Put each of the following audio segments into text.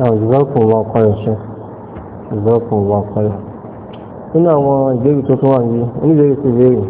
náà ìgbọ́kùn wọn kọ́rọ̀ ṣe ìgbọ́kùn wọn kọ́rọ̀ nínú àwọn ìbéèrè tó tún wà yìí oníbèrè ti béèrè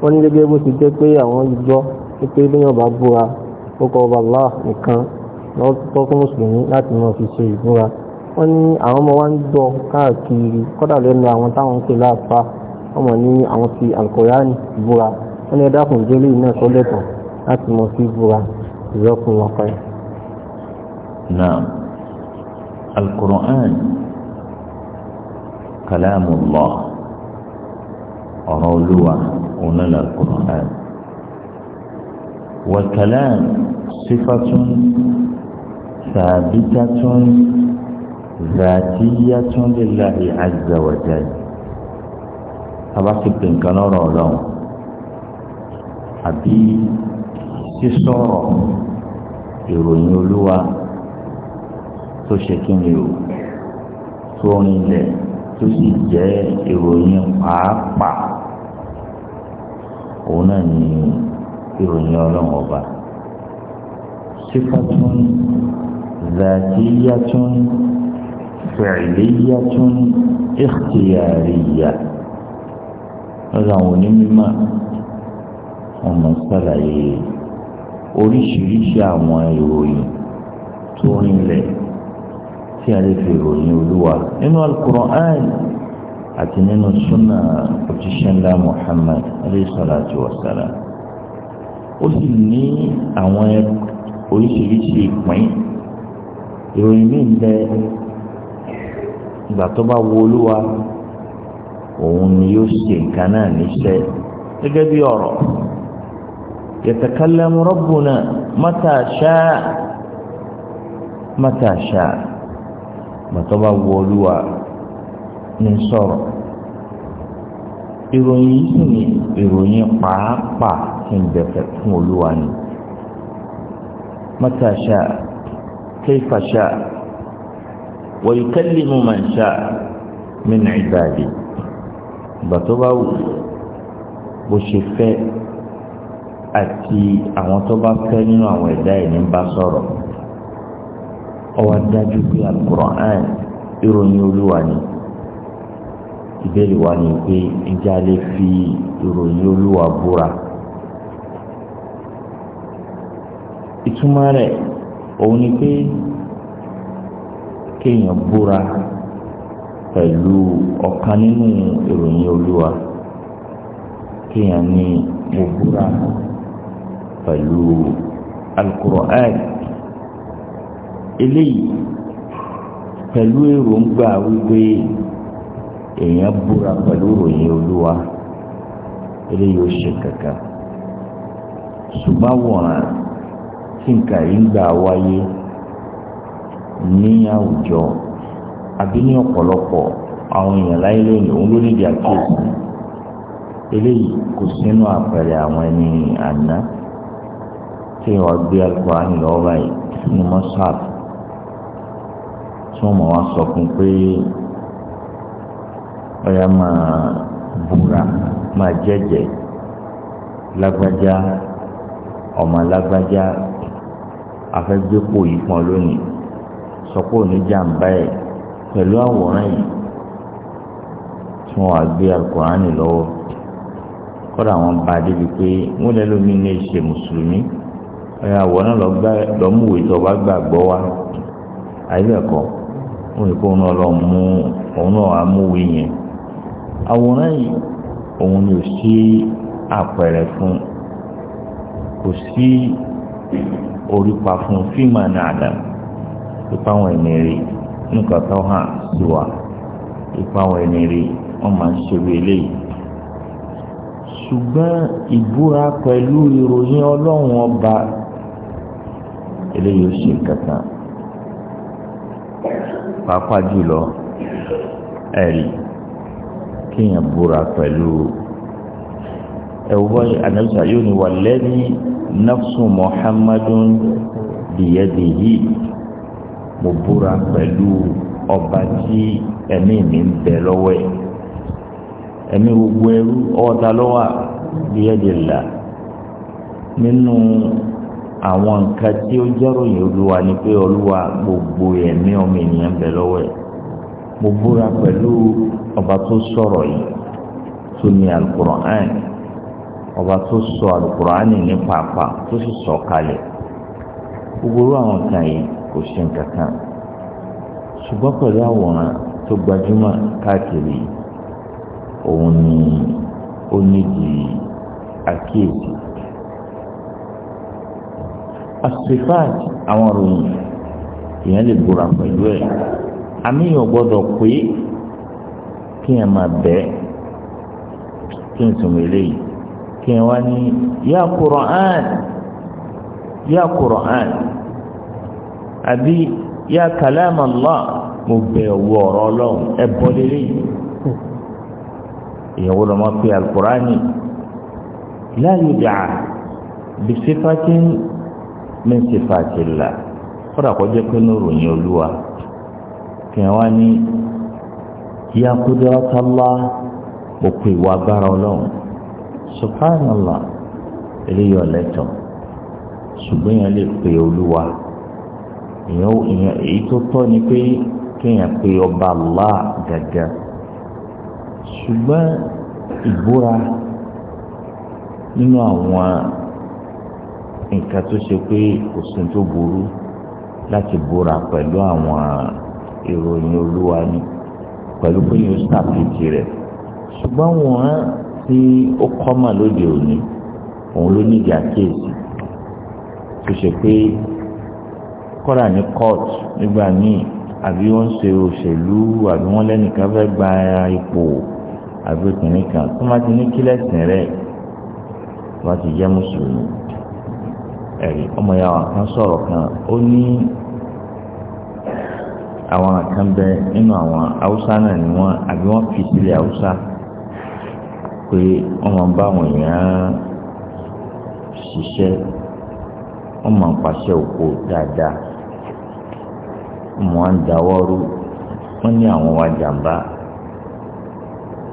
wọ́n ní gẹ́gẹ́ bó ti jẹ́ pé àwọn gbọ́ pé léyìn ọba búra ó kọ ọba Allah nìkan lọ́wọ́ tó fún mùsùlùmí láti mọ̀ fi ṣe ìbúra wọ́n ní àwọn ọmọ wa ń gbọ́ káàkiri kọ́dà lẹ́nu àwọn táwọn ń pè láàfà ọmọ ní àwọn fi alukóyánì búra wọ́n ní ẹ̀dá fún ìdílé náà tó láti mọ̀ fi búra ìrọ́kùn ọkọ̀ yìí alukur'an kalamullah ọ̀rọ̀ olúwa òun náà alukur'an wàkàlám sífàtún sàbítàtún zàtìyàtún lillahi azza wa jalla abáfipè nǹkan lọ́rọ̀ ọlọ́run àbí sísọ̀rọ̀ ìròyìn olúwa tó ṣe kí ni o tó rinlẹ̀ tó sì jẹ́ ìròyìn pàápàá òun náà ni ìròyìn ọlọ́run ọba sífàtún zàtìyàtún fẹ̀lẹ́yàtún ìkìyàríyà lọ́dọ̀ àwọn onímọ̀ wọn mọ̀ oríṣiríṣi àwọn ìròyìn tó rinlẹ̀ tí a lè fi ròyìn olúwa nínú alukur'an àti nínú súnà òjíṣẹ́ ńlá muhammad alayhi salatu wa salam ó sì ní àwọn oríṣiríṣi ìpín ìròyìn míì ń bẹ ìgbà tó bá wo olúwa òun ni yóò ṣe nǹkan náà níṣẹ́ gẹ́gẹ́ bí ọ̀rọ̀ yatakallamu rabbuna mata sha mata sha gbàtọ́ bá wọ olúwa ní sọ̀rọ̀ ìròyìn yìí sì ni ìròyìn pàápàá tí ń bẹ̀fẹ̀ fún olúwa ni mata sha kaifa sha wa yukallimu man sha min ibadi gbàtọ́ bá wù bó ṣe fẹ́ àti àwọn tó bá fẹ́ nínú àwọn ẹ̀dá ẹ̀ ní bá sọ̀rọ̀ ọwọ́ dájú pé alukur'an ìròyìn olúwa ni ìbéèrè wa ni pé ǹjẹ́ a lè fi ìròyìn olúwa búra ìtumọ̀ rẹ̀ òun ni pé kéèyàn búra pẹ̀lú ọ̀kan nínú ìròyìn olúwa kéèyàn ní mo búra pẹ̀lú alukur'an eléyìí pẹ̀lú èròǹgbà wípé èèyàn búra pẹ̀lú ròyìn olúwa eléyìí ó ṣe kankan ṣùgbọ́n wọ̀ràn tí nǹkan yìí ń gbà wáyé ní àwùjọ àbí ní ọ̀pọ̀lọpọ̀ àwọn èèyàn láyé lónìí òun ló nídìí àkíyèsí eléyìí kò sínú àpẹẹrẹ àwọn ẹni àná tí wọ́n gbé alukóra ńlọ báyìí nínú mọ́sáàbù tí wọ́n mọ̀ wá sọ fún pé ọ̀yà máa búra máa jẹ́jẹ́ lágbájá ọmọ lágbájá afẹ́gbépò yìí pọn lónìí sọpọ̀ oníjàmbá ẹ̀ pẹ̀lú àwòrán yìí tí wọ́n á gbé alukurani lọ́wọ́ kọ́dà wọn bá a débi pé wọ́n lẹ́nu mi ní ṣe mùsùlùmí ọ̀yà àwòrán lọ́mú ìtọ́ bá gbàgbọ́ wa àyẹ̀kọ́ wọn lè kó òun náà lọ mú òun náà amúwe yẹn àwòrán yìí òun ni ò sí àpẹẹrẹ fún kò sí orípa fún fíìmà náà dà ipa àwọn ẹni rí nǹkan tó hàn sí wa ipa àwọn ẹni rí wọn máa ń ṣe bí eléyìí ṣùgbọ́n ìbúra pẹ̀lú ìròyìn ọlọ́run ọba eléyìí ó ṣe kankan pàápàá jùlọ ẹ̀rí kíyàn búra pẹ̀lú ẹ̀wọ́ ànábìsà yóò ní walladhi nafsu muhammadun biyadihi mo búra pẹ̀lú ọba tí ẹ̀mí mi ń bẹ lọ́wọ́ ẹ̀ ẹ̀mí gbogbo ẹrú ọ̀ọ́ta lọ́wọ́ biyadillah nínú àwọn nǹkan tí ó jẹ́ròyìn olúwa ni pé olúwa gbogbo ẹ̀mí ọmọ ènìyàn bẹ̀ lọ́wọ́ ẹ̀ mo búra pẹ̀lú ọba tó sọ̀rọ̀ yìí tó ní alukur'an ọba tó sọ alukur'an ní pàápàá tó sì sọ kalẹ̀ gbogbo àwọn nǹkan yìí kò ṣe nǹkan kan ṣùgbọ́n pẹ̀lú àwòrán tó gbajúmọ̀ káàkiri òun ni ó nídìí àkíyèsí asifat àwọn ròyìn èèyàn lè búra pẹ̀lú ẹ̀ àmìyàn gbọ́dọ̀ pé kí ẹ máa bẹ́ kí n sùn eléyìí kí ẹ wá ní yá Qur'an yá Qur'an àbí yá kalam Allah mo bẹ̀ wọ ọ̀rọ̀ ọlọ́run ẹ bọ́ lélẹ́yìí èèyàn wọ́n máa pe al-Qur'ani la yud'a bi sifatin min sifatillah kódà kó jẹ́ pé ní ròyìn olúwa kí wọ́n ní ya qudratallah òkú ìwà agbára ọlọ́run subhanallah eléyìí ọ̀lẹ́tọ̀ ṣùgbọ́n yẹn lè pe olúwa èyí tó tọ́ ni pé kéèyàn pe ọba Allah gàgà ṣùgbọ́n ìbúra nínú àwọn nǹkan tó ṣe pé kò sí tó burú láti búra pẹ̀lú àwọn ìròyìn olúwa ni pẹ̀lú pé yóò ṣàfihàn rẹ̀ ṣùgbọ́n wọ́n tí ó kọ́mọ̀ lóde òní òun ló nídìí àkíyèsí tó ṣe pé kọ́ra ní kóòtù nígbà míì àbí wọ́n ń ṣe òṣèlú àbí wọ́n lẹ́nìkan fẹ́ gba ipò àbí òkùnrin kan tó má ti ní kílẹ̀sìn rẹ̀ wọ́n ti jẹ́ mùsùlùmí ẹ̀rí ọmọ ya wa kan sọ̀rọ̀ kan ó ní àwọn kan bẹ nínú àwọn haúsá náà ni wọ́n àbí wọ́n fi sílẹ̀ haúsá pé wọ́n máa ń bá àwọn èèyàn ṣiṣẹ́ wọ́n máa ń pàṣẹ òkò dáadáa wọ́n máa ń dáwọ́rú wọ́n ní àwọn wa jàǹbá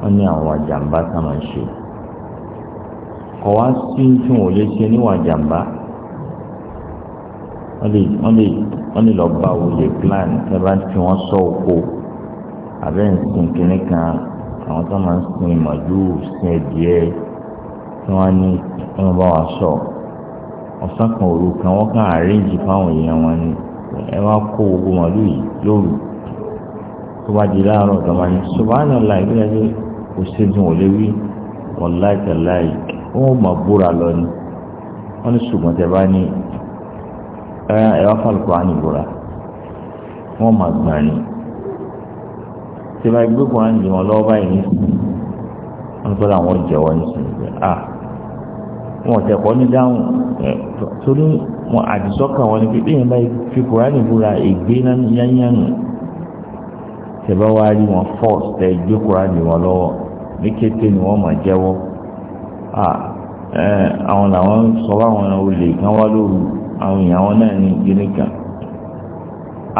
wọ́n ní àwọn wa jàǹbá tá máa ṣe kọ̀ sí tí wọ́n lè ṣe níwà jàǹbá wọ́n lè wọ́n lè wọ́n lè lọ bá òye plan ẹ bá ti wọ́n sọ òkò abẹ́ nsìn kínní kan àwọn tó máa ń sin ìmọ̀jú sin ẹ̀dìẹ tí wọ́n ní wọ́n bá wa sọ ọ̀sán kan òru kan wọ́n kàn àríǹjì fáwọn èèyàn wọn ni ẹ wá kó gbogbo màlúù yìí lóru tó bá di láàárọ̀ ìjọba ni subahana ọ̀la ìgbéra pé kò sédùn ò lè wí wọ́n láìka láì wọ́n máa búra lọ ni wọ́n ní ṣùgbọ́n tẹ bá ní ẹ̀rọ fàlùkù ànìbùrà wọ́n máa gbà ní. tí wọ́n gbé kùn ànìbì wọn lọ́wọ́ báyìí nísìnyí wọ́n tọ́lá àwọn jẹ́wọ́ nísìnyí pé à wọ́n tẹ̀kọ́ ní dáhùn torí wọn àdìsọ́kà wọn ni pé bí yẹn bá fi kùn ànìbùrà ègbé yányánù tẹ̀bá wá rí wọn fọ́ọ̀sì tẹ̀ gbé kùn ànìbì wọn lọ́wọ́ ní kété ni wọ́n máa jẹ́wọ́ àwọn làwọn sọ fáwọn olè kan wá lóru àwọn èèyàn wọn náà ní ìgbéni kan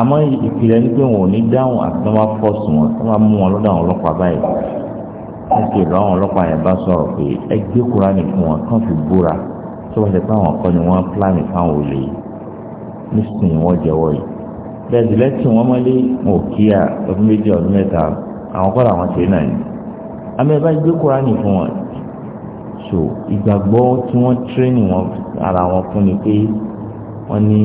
àmọ́ ìpìlẹ̀ ní pé wọn ò ní dáhùn àti wọn bá fọ́ọ̀sì wọn wọn bá mú wọn lọ́dọ̀ àwọn ọlọ́pàá báyìí wọn sì lọ àwọn ọlọ́pàá yẹn bá sọ̀rọ̀ pé ẹ gbé kúránì fún wọn kàn fi búra tó wọ́n ti pé àwọn kan ni wọ́n pílánì fáwọn olè nísìnyí wọ́n jẹ́wọ́ yìí bẹ́ẹ̀ sì lẹ́sìn wọn mọ́lé wọn ò kíyà ọdún méjì ọdún mẹ́ta àwọn kọ́ làwọn ṣe náà yìí àmì ẹ̀ bá gbé kúránì fún wọn so ìgbàgbọ́ tí wọ́n tírénì wọn ara wọn fún ni pé wọ́n ní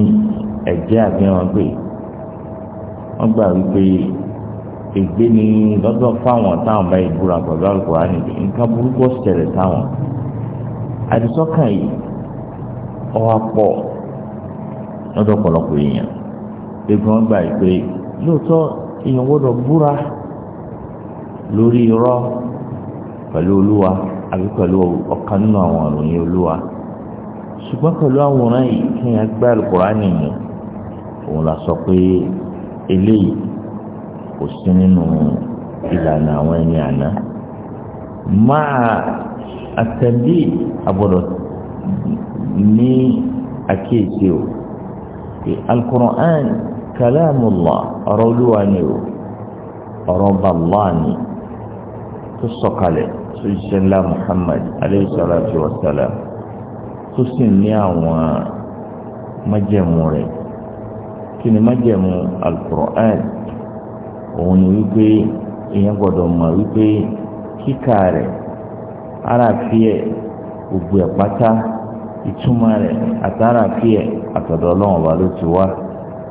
ẹ̀jẹ̀ àgbẹ̀wọ̀n gbà wípé ni lọ́dọ̀ fáwọn táwọn bá ìbúra pẹ̀lú àlùkòrá nìbi nǹkan burúkú ṣẹlẹ̀ táwọn àdìsọ́kàn yìí ọwọ́ pọ̀ lọ́dọ̀ pọ̀lọpọ̀ èèyàn ebi wọn gbà pé èèyàn búra lórí ṣùgbọ́n pẹ̀lú àwòrán yìí kí n gbá alukurani mu òun la sọ pé eléyìí kò sí nínú ìlànà àwọn ẹni àná máa àtẹ̀lé àbọ̀dọ̀ ní àkíyèsí o alukur'an kalamullah ọ̀rọ̀ olúwa ni o ọ̀rọ̀ bàbá ni tó sọ̀kalẹ̀ tó ṣiṣẹ́ ńlá muhammad aleyhi salatu wa salam. tó sì ní àwọn májẹ̀mú rẹ̀ kí ni májẹ̀mú alukur'an òun ni wípé èèyàn gbọ́dọ̀ mọ̀ wípé kíkà rẹ̀ ara fi ẹ̀ gbogbo ẹ̀ ìtumọ̀ rẹ̀ àtàrà fi ẹ̀ àtọ̀dọ̀ ọlọ́run ọba ló ti wá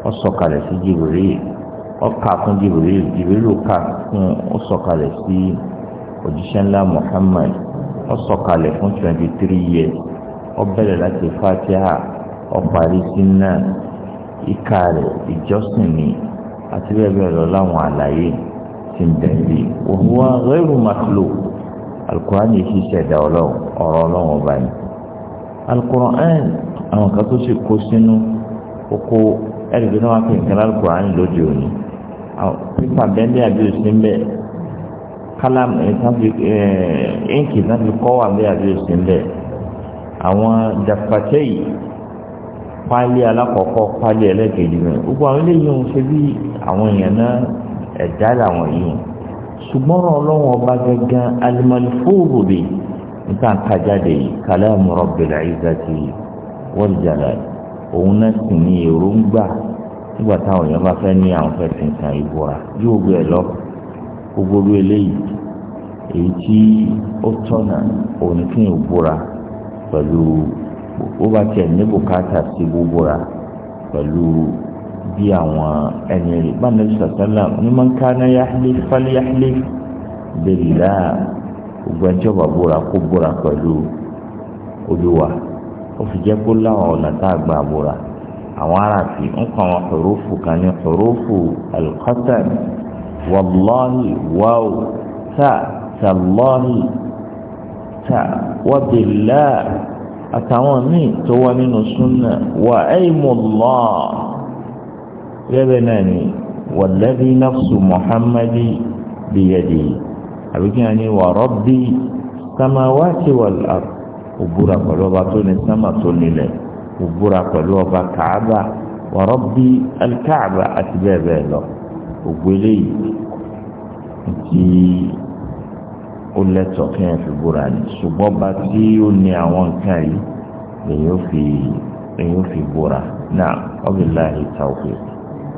ó sọ̀kalẹ̀ sí jìbìrì ó kà fún jìbìrì jìbìrì ló kà fún sọ̀kalẹ̀ sí òjíṣẹ́ ńlá Muhammad ọ sọ̀kalẹ̀ fún twenty ọbẹ̀rẹ̀ láti fatiha ọparí sínú ìka rẹ̀ ìjọsìn ni àti bẹ́ẹ̀ bẹ́ẹ̀ lọ láwọn àlàyé ti ń bẹ̀rẹ̀ wa huwa ghayru makhluq alukur'an yìí ṣiṣẹ́ ẹ̀dá ọlọ́run ọ̀rọ̀ ọlọ́run ọba ni alukur'an àwọn kan tó sì kó sínú oko ẹ̀rìgbẹ́ náà wá pè nǹkan alukur'an lóde òní pípa bẹ́ẹ̀ àbí òsín bẹ́ẹ̀ kálámù ẹ̀ ẹ́ǹkì náà fi kọ́ wà bẹ́ẹ̀ àbí òsín bẹ́ẹ̀ àwọn dàpàtẹ́yì pálí alákọ̀ọ́kọ́ pálí ẹlẹ́kẹ̀ẹ́dì rẹ̀ gbogbo àwọn eléyìí ń ṣe bí àwọn èèyàn náà ẹ̀dá làwọn yìí ṣùgbọ́n ọlọ́run ọba gangan alimọ̀lì fóòrò bè níta ń ka jáde kalamu rabbil izzati wal jalal òun náà sì ní èròǹgbà nígbà táwọn èèyàn bá fẹ́ ní àwọn fẹ́ fi nǹkan ìbora yóò gbé ẹ lọ gbogbo eléyìí èyí tí ó tọ̀nà òun kí n ò pẹ̀lú bó bá tiẹ̀ ní bùkátà sí búbúra pẹ̀lú bí àwọn ẹni rè bá nàbí sàtàlà ní man kana yahlif falyahlif billah gbogbo ẹjọ́ bá búra kó búra pẹ̀lú olúwa ó fi jẹ́ kó láwọn ọ̀nà tá a gbà búra àwọn aráàfin ń kọ́ àwọn hurufu kan ní hurufu al-qasam wallahi tá tàlọ́hì àtà wàbílà àtàwọn míì tó wá nínú súnà wà ẹ̀yìnmùlọ́ gẹ́gẹ́ náà ni wàlẹ́bí nafsu muhammadi bìyẹ̀dì àbíkíyà ni wà rọ́bì samawati wal ard òbúra pẹ̀lú ọba tó ní sámà tó nílẹ̀ òbúra pẹ̀lú ọba kàába wà rọ́bì alkaaba àti bẹ́ẹ̀ bẹ́ẹ̀ lọ ògbélé ti ó lẹ́tọ̀ọ́ kí ẹ fi búra ni ṣùgbọ́n bá tí ó ní àwọn nǹkan yìí èyí ó fi búra náà wabillahi tawfiq.